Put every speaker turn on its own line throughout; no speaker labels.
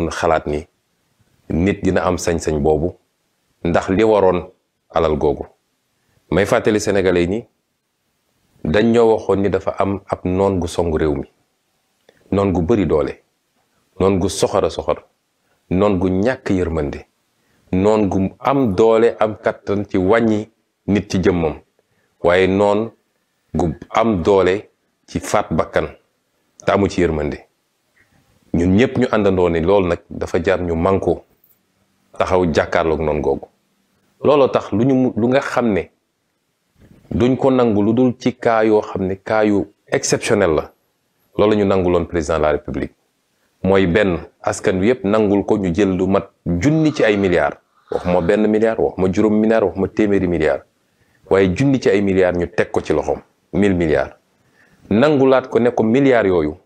mun xalaat ni nit dina am sañ-sañ boobu ndax li waroon alal googu may fàttali sénégalais yi ni dañ ñoo waxoon ni dafa am ab noon gu song réew mi noon gu bari doole noon gu soxora soxor noon gu ñàkk yërmande noon gu am doole am kattan ci wàññi nit ci jëmmam waaye noon gu am doole ci faat bakkan taamu ci yërmande ñun ñëpp ñu àndandoo ni loolu nag dafa jaar ñu mànkoo taxaw jàkkaarlook noonu googu looloo tax lu ñu lu nga xam ne duñ ko nangu lu dul ci cas yoo xam ne kaayu yu exceptionnel la loolu nangu loon président de la république mooy benn askan wi yëpp nangul ko ñu jël lu mat junni ci ay milliards wax benn milliard wax ma juróom milliard ma téeméeri milliards waaye junni ci ay milliards ñu teg ko ci loxoom mille milliards nangulaat ko ne ko yooyu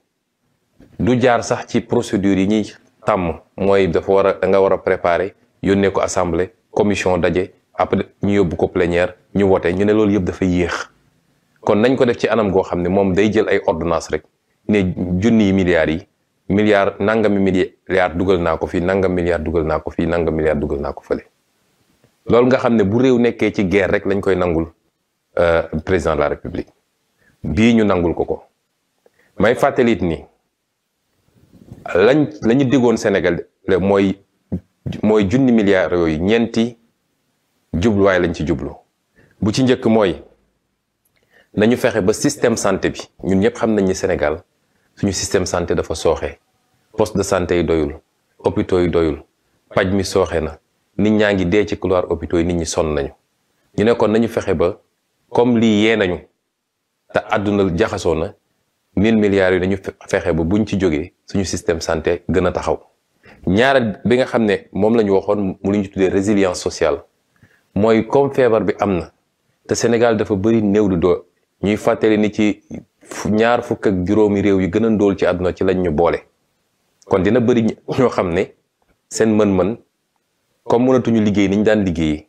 du jaar sax ci procédure yi ñuy tàmm mooy dafa war a nga war a préparer yónnee ko assemblée commission daje après ñu yóbbu ko plénière ñu wote ñu ne loolu yëpp dafa yéex kon nañ ko def ci anam goo xam ne moom day jël ay ordonnance rek ne yi milliards yi milliards nangami milliards dugal naa ko fii nangam milliards dugal naa ko fii nangam milliards dugal naa ko fële loolu nga xam ne bu réew nekkee ci guerre rek lañ koy nangul euh, président de la république bii ñu nangul ko ko lañ lañu ñu diggoon Sénégal mooy mooy junni milliards yooyu ñeenti jubluwaay lañ ci jublu bu ci njëkk mooy nañu fexe ba système santé bi ñun ñëpp xam nañ ni suñu système santé dafa sooxe poste de santé yi doyul hôpitaux yi doyul paj mi sooxe na nit ñaa ngi dee ci couloir hôpitaux yi nit ñi sonn nañu ñu ne kon nañu fexe ba comme lii yee nañu te àdduna jaxasoo na mille milliards yi dañu fexe ba ñu ci jógee suñu système santé gën a taxaw ñaar bi nga xam ne moom la ñu waxoon mu lu ñu tuddee résilience sociale mooy comme feebar bi am na te Sénégal dafa bëri néew du doo ñuy fàttali ni ci ñaar fukk ak juróomi réew yi gën a ndóol ci àdduna ci lañ ñu boole kon dina bëri ñoo xam ne seen mën-mën comme mënatuñu liggéey ni ñu daan liggéey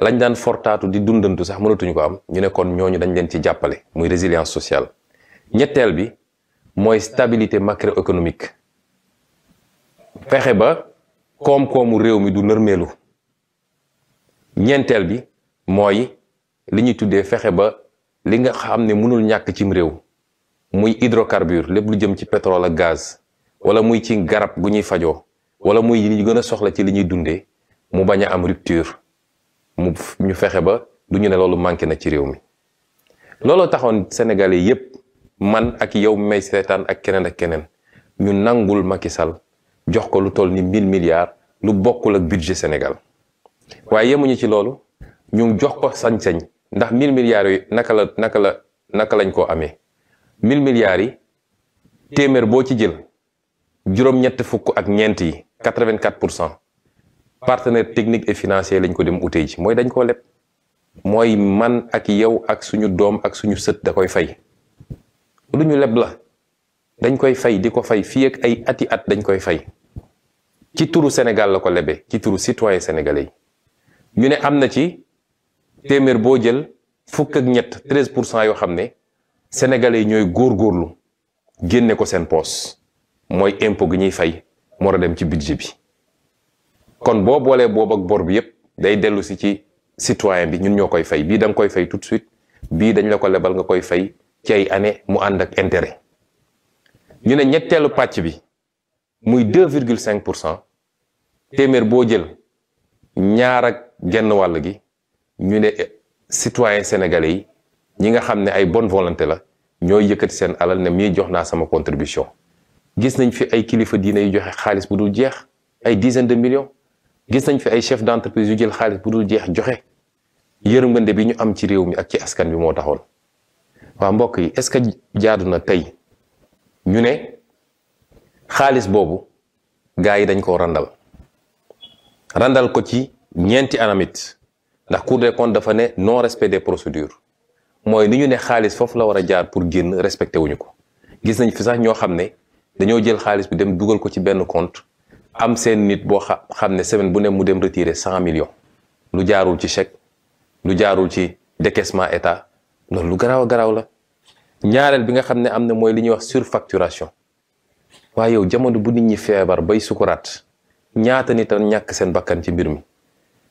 lañu daan fortaatu di dundantu sax mënatuñu ko am ñu ne kon ñooñu dañ leen ci jàppale muy résilience sociale ñetteel bi mooy stabilité macroéconomique fexe ba koom-koomu réew mi du nërmeelu ñeenteel bi mooy li ñuy tuddee fexe ba li nga xam ne mënul ñàkk cim réew muy hydrocarbure lépp lu jëm ci pétrole ak gaz wala muy ci garab gu ñuy fajoo wala muy ñu gën a soxla ci li ñuy dundee mu bañ a am rupture mu fexe ba du ñu ne loolu manqué na ci réew mi looloo taxoon sénégalais yépp man ak yow may seetaan ak keneen ak keneen ñu nangul Macky Sall jox ko lu toll ni mille milliards lu bokkul ak budget Sénégal waaye yemuñu ci loolu ñu jox ko sañ-sañ ndax mille milliards yi naka la naka la naka lañ koo amee mille milliards yi téeméer boo ci jël juróom-ñett fukk ak ñeent yi quatre vingt pour cent partenaire technique et financier lañ ko dem utee ji mooy dañ koo leb mooy man ak yow ak suñu doom ak suñu sët da koy fay lu ñu leb la dañ koy fay di ko fay fii ak ay ati at dañ koy fay ci turu Sénégal la ko lebe ci turu citoyen sénégalais yi ñu ne am na ci téeméer boo jël fukk ak ñett treize pour cent yoo xam ne sénégalais yi ñooy góorlu génne ko seen poos mooy impôt gi ñuy fay moo dem ci budget bi kon boo boolee boobu ak bor bi yëpp day dellusi ci citoyen bi ñun ñoo koy fay bii da koy fay tout de suite bii dañ la ko lebal nga koy fay ci ay année mu ànd ak intérêt ñu ne ñetteelu pàcc bi muy deux virgule cinq pour cent téeméer boo jël ñaar ak genn wàll gi ñu ne citoyen sénégalais yi ñi nga xam ne ay bonne volonté la ñooy yëkkati seen alal ne mii jox naa sama contribution gis nañ fi ay kilifa diine yu joxe xaalis bu dul jeex ay dizaine de million gis nañ fi ay chef d'entreprise yu jël xaalis bu dul jeex joxe yërmande bi ñu am ci réew mi ak ci askan bi moo taxoon waa mbokk yi est-ce que jaadu na tey ñu ne xaalis boobu gaa yi dañ koo randal randal ko ci ñeenti anamit ndax Cour de comptes dafa ne non respect des mooy ni ñu ne xaalis foofu la war a jaar pour génn respecté wuñu ko gis nañ fi sax ñoo xam ne dañoo jël xaalis bi dem dugal ko ci benn compte am seen nit boo xam ne semaine bu ne mu dem retirer cent millions lu jaarul ci chèque lu jaarul ci décaissement état loolu lu garaaw garaaw la ñaareel bi nga xam ne am na mooy lu ñuy wax surfacturation waaye yow jamono bu nit ñi feebar bay sukuraat ñaata nit a ñàkk seen bakkan ci mbir mi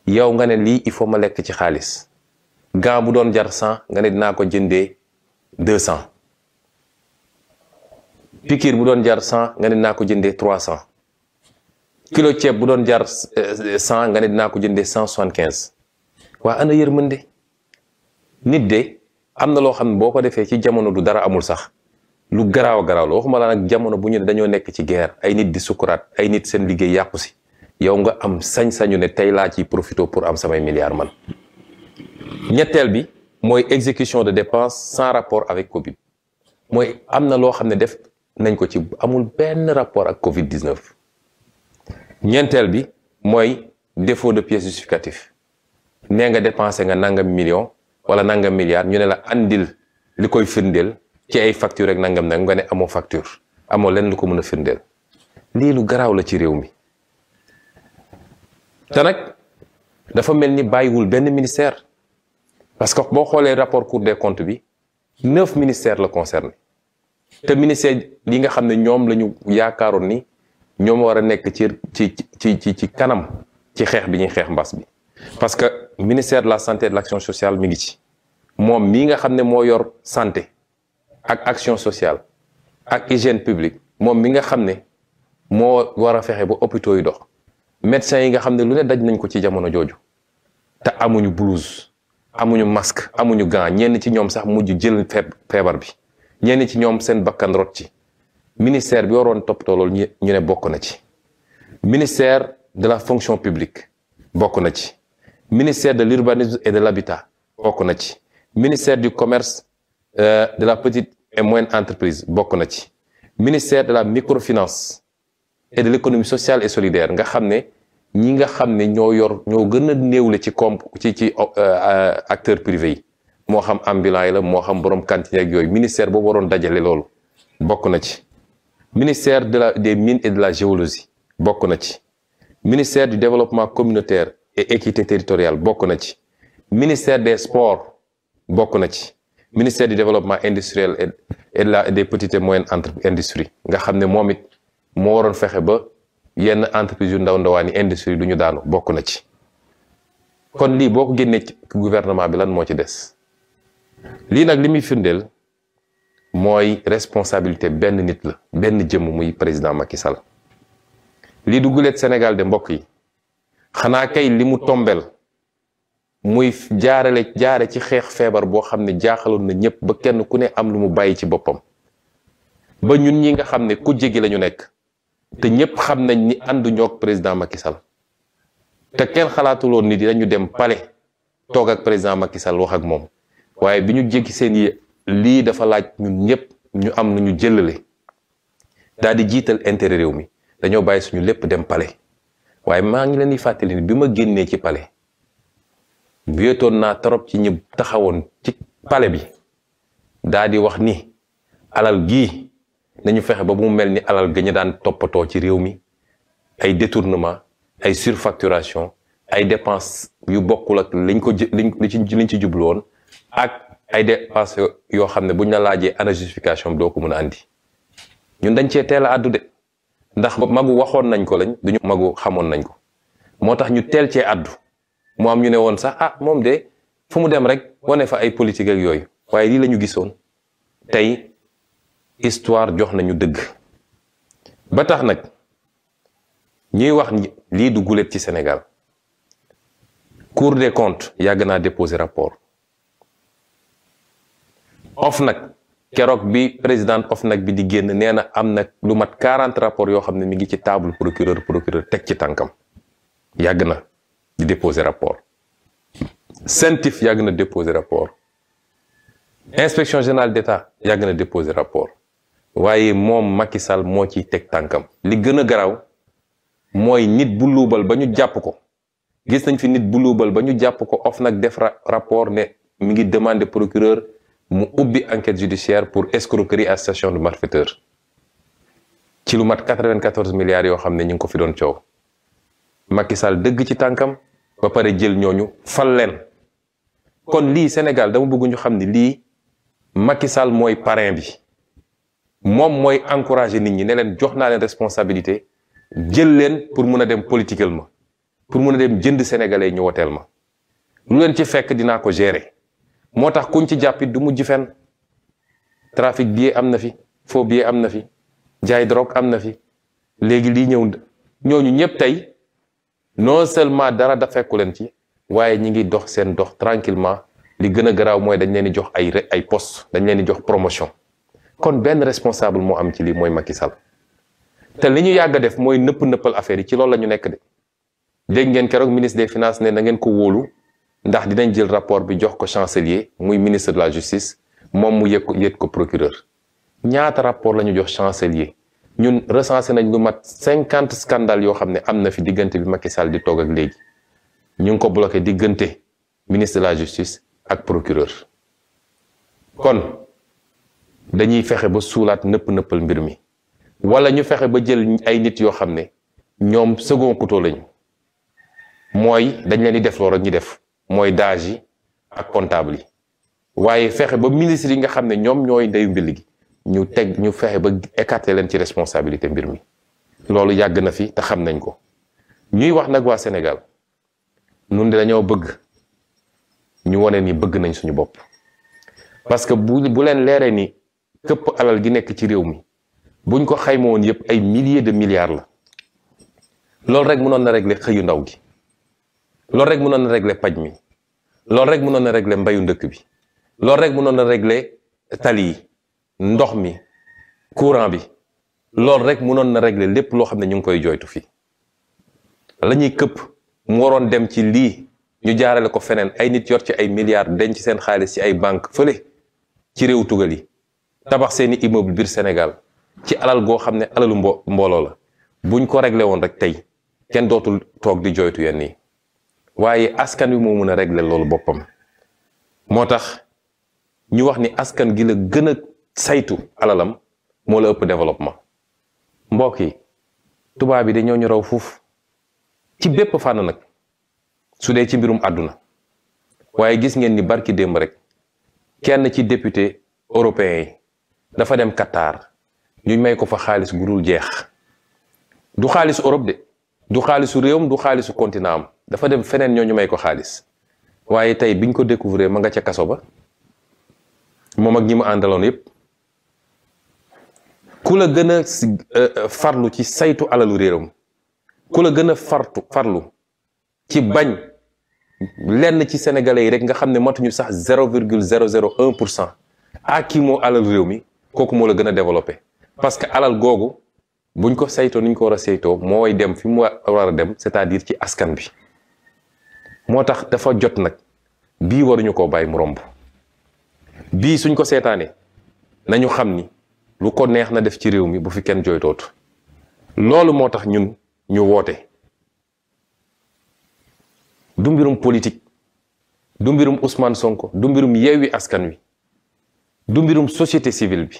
yow nga ne lii il faut ma lekk ci xaalis gan bu doon jar cent nga ne dinaa ko jëndee deux cent pikiir bu doon jar cent nga ne ko jëndee trois cent kilo ceeb bu doon jar euh, cent nga ne dinaa ko jëndee cent quinze waa ana yërmande nit de am na loo xam ne boo ko defee ci jamono du dara amul sax lu garaaw a garaaw la waxuma la nag jamono bu ñu ne dañoo nekk ci guerre ay nit di sukkuraat ay nit seen liggéey yàqusi yow nga am sañ-sañu ne tey laa ci profité pour am samay milliards man ñetteel bi mooy exécution de dépense sans rapport avec Covid mooy am na loo xam ne def nañ ko ci amul benn rapport ak Covid 19 ñeenteel bi mooy défaut de pièces justificatives nee nga dépensé nga nangam million wala nangam milliard ñu ne la andil li koy firndeel ci ay facture rek nangam nag nga ne amoo facture amoo lenn lu ko mën a firndeel lii lu garaaw la ci réew mi te nag dafa mel ni bàyyiwul benn ministère parce que boo xoolee rapport Cour des comptes bi neuf ministère la concerné te ministère yi nga xam ne ñoom la ñu yaakaaroon ni ñoom war a nekk ci ci ci ci ci kanam ci xeex bi ñuy xeex mbas bi parce que ministère de la santé de l'action sociale mi ngi ci moom mii nga xam ne moo yor santé ak action sociale ak hygiène publique moom mi nga xam ne moo war a fexe ba hôpitaux yu dox médecins yi nga xam ne lu ne daj nañ ko ci jamono jooju te amuñu blouse amuñu masque amuñu gant ñenn ci ñoom sax mujj jël feebar bi ñenn ci ñoom seen bakkan rot ci ministère bi waroon toppatoo loolu ñu ne bokk na ci ministère de la fonction publique bokk na ci ministère de l'urbanisme et de l'habitat bokk na ci ministère du commerce euh, de la petite et moyenne entreprise bokk na ci ministère de la microfinance et de l'économie sociale et solidaire nga xam ne ñi nga xam ne ñoo yor ñoo gën a néewle ci comp ci ci euh, euh, acteur privé yi moo xam ambulant la moo xam borom cantine ak yooyu ministère boobu waroon dajale loolu bokk na ci ministère de la des mines et de la géologie bokk na ci ministère du développement communautaire et équité territoriale bokk na ci ministère des sports bokk na ci ministère du développement industriel et la des petites et moyennes entreprises industrie nga xam ne moom it moo waroon fexe ba yenn entreprise yu ndaw ndawaan yi industrie du ñu daanu bokk na ci kon lii boo ko génnee ci gouvernement bi lan moo ci des lii nag li muy firndeel mooy responsabilité benn nit la benn jëmm muy président Macky Sall lii du guleet Sénégal de mbokk yi xanaa kay li mu tombel muy jaarale jaare ci xeex feebar boo xam ne jaaxaloon na ñëpp ba kenn ku ne am lu mu bàyyi ci boppam ba ñun ñi nga xam ne ku jéggi lañu nekk te ñëpp xam nañ ni ànduñoo ak président Macky te kenn xalaatuloon ni dinañu dem pale toog ak président Macky Sall wax ak moom waaye bi ñu jéggi seen yi lii dafa laaj ñun ñëpp ñu am nu ñu jëlale daal di jiital intérêt réew mi dañoo bàyyi suñu lépp dem palais waaye maa ngi leen di fàttali ni bi ma génnee ci pale wéetoon naa trop ci ñi taxawoon ci pale bi daa di wax ni alal gii nañu fexe ba mu mel ni alal gañu daan toppatoo ci réew mi ay détournement ay surfacturation ay dépenses yu bokkul ak lañ ko liñ liñ ci jubluwoon ak ay dépenses yoo xam ne buñ la laajee ana justification doo ko mën a andi ñun dañ cee teel a àddu de ndax magu waxoon nañ ko lañ duñu magu xamoon nañ ko moo tax ñu teel cee àddu mu am ñu ne woon sax ah moom de fu mu dem rek wane fa ay politique yooyu waaye lii lañu gisoon tey histoire jox nañu dëgg ba tax nag ñuy wax lii du gulet ci senegal Cour des comptes yàgg naa déposé rapport nag keroog bi président OFNAC bi di génn nee na am na lu mat 40 rapport yoo xam ne mi ngi ci table procureur procureur teg ci tànkam yàgg na di déposer rapport CENTIF yàgg na déposer rapport inspection générale d'État yàgg na déposer rapport waaye moom Macky Sall moo ciy teg tànkam li gën a garaaw mooy nit bu luubal ba ñu jàpp ko gis nañ fi nit bu luubal ba ñu jàpp ko nag def rapport ne mu ngi demander procureur mu ubbi enquête judiciaire pour escroquerie à station de malfaiteur ci lu mat 94 milliards yoo xam ne ñu ngi ko fi doon coow Macky dëgg ci tànkam ba pare jël ñooñu fal leen kon lii Sénégal dama bëgg ñu xam ni lii Macky Sall mooy parrain bi moom mooy encourager nit ñi ne leen jox naa leen responsabilité jël leen pour mun a dem politiquel ma pour mun a dem jënd sénégalais ñu woteel ma lu leen ci fekk dinaa ko gérer moo tax kuñ ci jàppit du mujj fen trafic bi am na fi faux bi am na fi jaay drogue am na fi léegi lii ñëw ñooñu ñëpp tey non seulement dara da fekku leen ci waaye ñi ngi dox seen dox tranquillement li gën a garaaw mooy dañ leen di jox ay ay poste dañ leen di jox promotion kon benn responsable moo am ci lii mooy Macky Sall te li ñu yàgg a def mooy nëpp nëppal affaire yi ci loolu la ñu nekk de dégg ngeen keroog ministre des finances ne na ngeen ko wóolu ndax dinañ jël rapport bi jox ko chancelier muy ministre de la justice moom mu yëg ko yët ko procureur ñaata rapport la ñu jox chancelier ñun recensé nañ lu mat cinquante scandale yoo xam ne am na fi diggante bi Macky Sall di toog ak léegi ñu ngi ko bloqué diggante ministre la justice ak procureur kon dañuy fexe ba suulaat nëpp nëppal mbir mi wala ñu fexe ba jël ay nit yoo xam ne ñoom second couteau lañu mooy dañ leen di def loolu ñu def mooy daaj yi ak comptable yi waaye fexe ba ministre yi nga xam ne ñoom ñooy ndeyu mbil gi ñu teg ñu fexe ba écarter leen ci responsabilité mbir mi loolu yàgg na fi te xam nañ ko ñuy wax nag waa senegal nun de dañoo bëgg ñu wane ni bëgg nañ suñu bopp parce que bu bu leen leeree ni këpp alal gi nekk ci réew mi buñ ko xayma woon yëpp ay milliers de milliards la loolu rek mënoon na régler xëyu ndaw gi loolu rek mënoon na régle paj mi loolu rek mënoon na régler mbayu ndëkk bi loolu rek mënoon na régler tali yi ndox mi courant bi loolu rek mënoon na régler lépp loo xam ne ñu ngi koy jooytu fii la ñuy këpp mu waroon dem ci lii ñu jaarale ko feneen ay nit yor ci ay milliards ci seen xaalis ci ay banque fële ci réew tugal yi tabax seeni immeuble biir Sénégal ci alal goo xam ne alalu mbo mbooloo la buñ ko regle woon rek tey kenn dootul toog di jooytu yenn yi waaye askan wi moo mën a réglé loolu boppam moo tax ñu wax ni askan gi la gën a saytu alalam moo la ëpp développement mbokk yi tubaab yi dañoo ñu raw fuuf ci bépp fànn nag su dee ci mbirum àdduna waaye gis ngeen ni barki démb rek kenn ci député européen yi dafa dem Qatar ñu may ko fa xaalis gu dul jeex du xaalisu Europe de du xaalisu réewam du xaalisu continent am dafa dem feneen ñoo ñu may ko xaalis waaye tey biñ ko découvrir ma nga ca kaso ba moom ak ñi mu àndaloon yépp ku la gën a euh, euh, farlu ci saytu alalu réewam ku la gën a fartu farlu ci bañ lenn ci sénégalais yi rek nga xam ne matuñu sax zéro virgule zéro zéro pour cent ak kii moo alal réew mi kooku moo la gën a développé parce que alal googu buñ ko saytoo ni ñu ko war a saytoo mooy dem fi mu war a dem c'est-à-dire ci askan bi moo tax dafa jot nag bii waruñu koo bàyyi mu romb bii suñ ko seetaanee nañu xam ni lu ko neex na def ci réew mi bu fi kenn jooytootu loolu moo tax ñun ñu woote du mbirum politique du mbirum Ousmane Sonko du mbirum Yewwi Askan Wi du mbirum société civile bi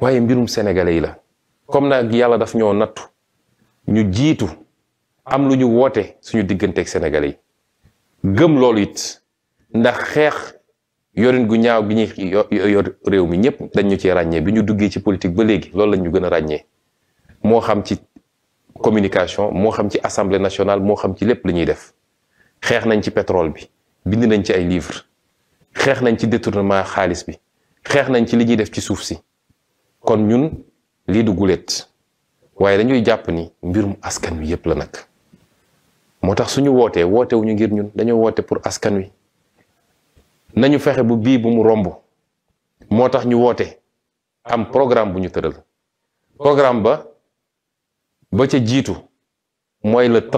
waaye mbirum sénégalais yi la comme nag yàlla daf ñoo nattu ñu jiitu am lu ñu woote suñu digganteeg sénégalais yi gëm loolu it ndax xeex yorin gu ñaaw gi ñuy yor réew mi ñëpp dañ ñu cee ràññee bi ñu duggee ci politique ba léegi loolu lañu gën a ràññee moo xam ci communication moo xam ci assemblée nationale moo xam ci lépp li ñuy def xeex nañ ci pétrole bi bind nañ ci ay livres xeex nañ ci détournement xaalis bi xeex nañ ci li ñuy def ci suuf si kon ñun lii du guléet waaye dañuy jàpp ni mbirum askan wi yëpp la nag moo tax suñu wootee woote wu ngir ñun dañoo woote pour askan wi. nañu fexe bu bii bu mu romb moo tax ñu woote am programme bu ñu tëral programme ba ba ca jiitu mooy le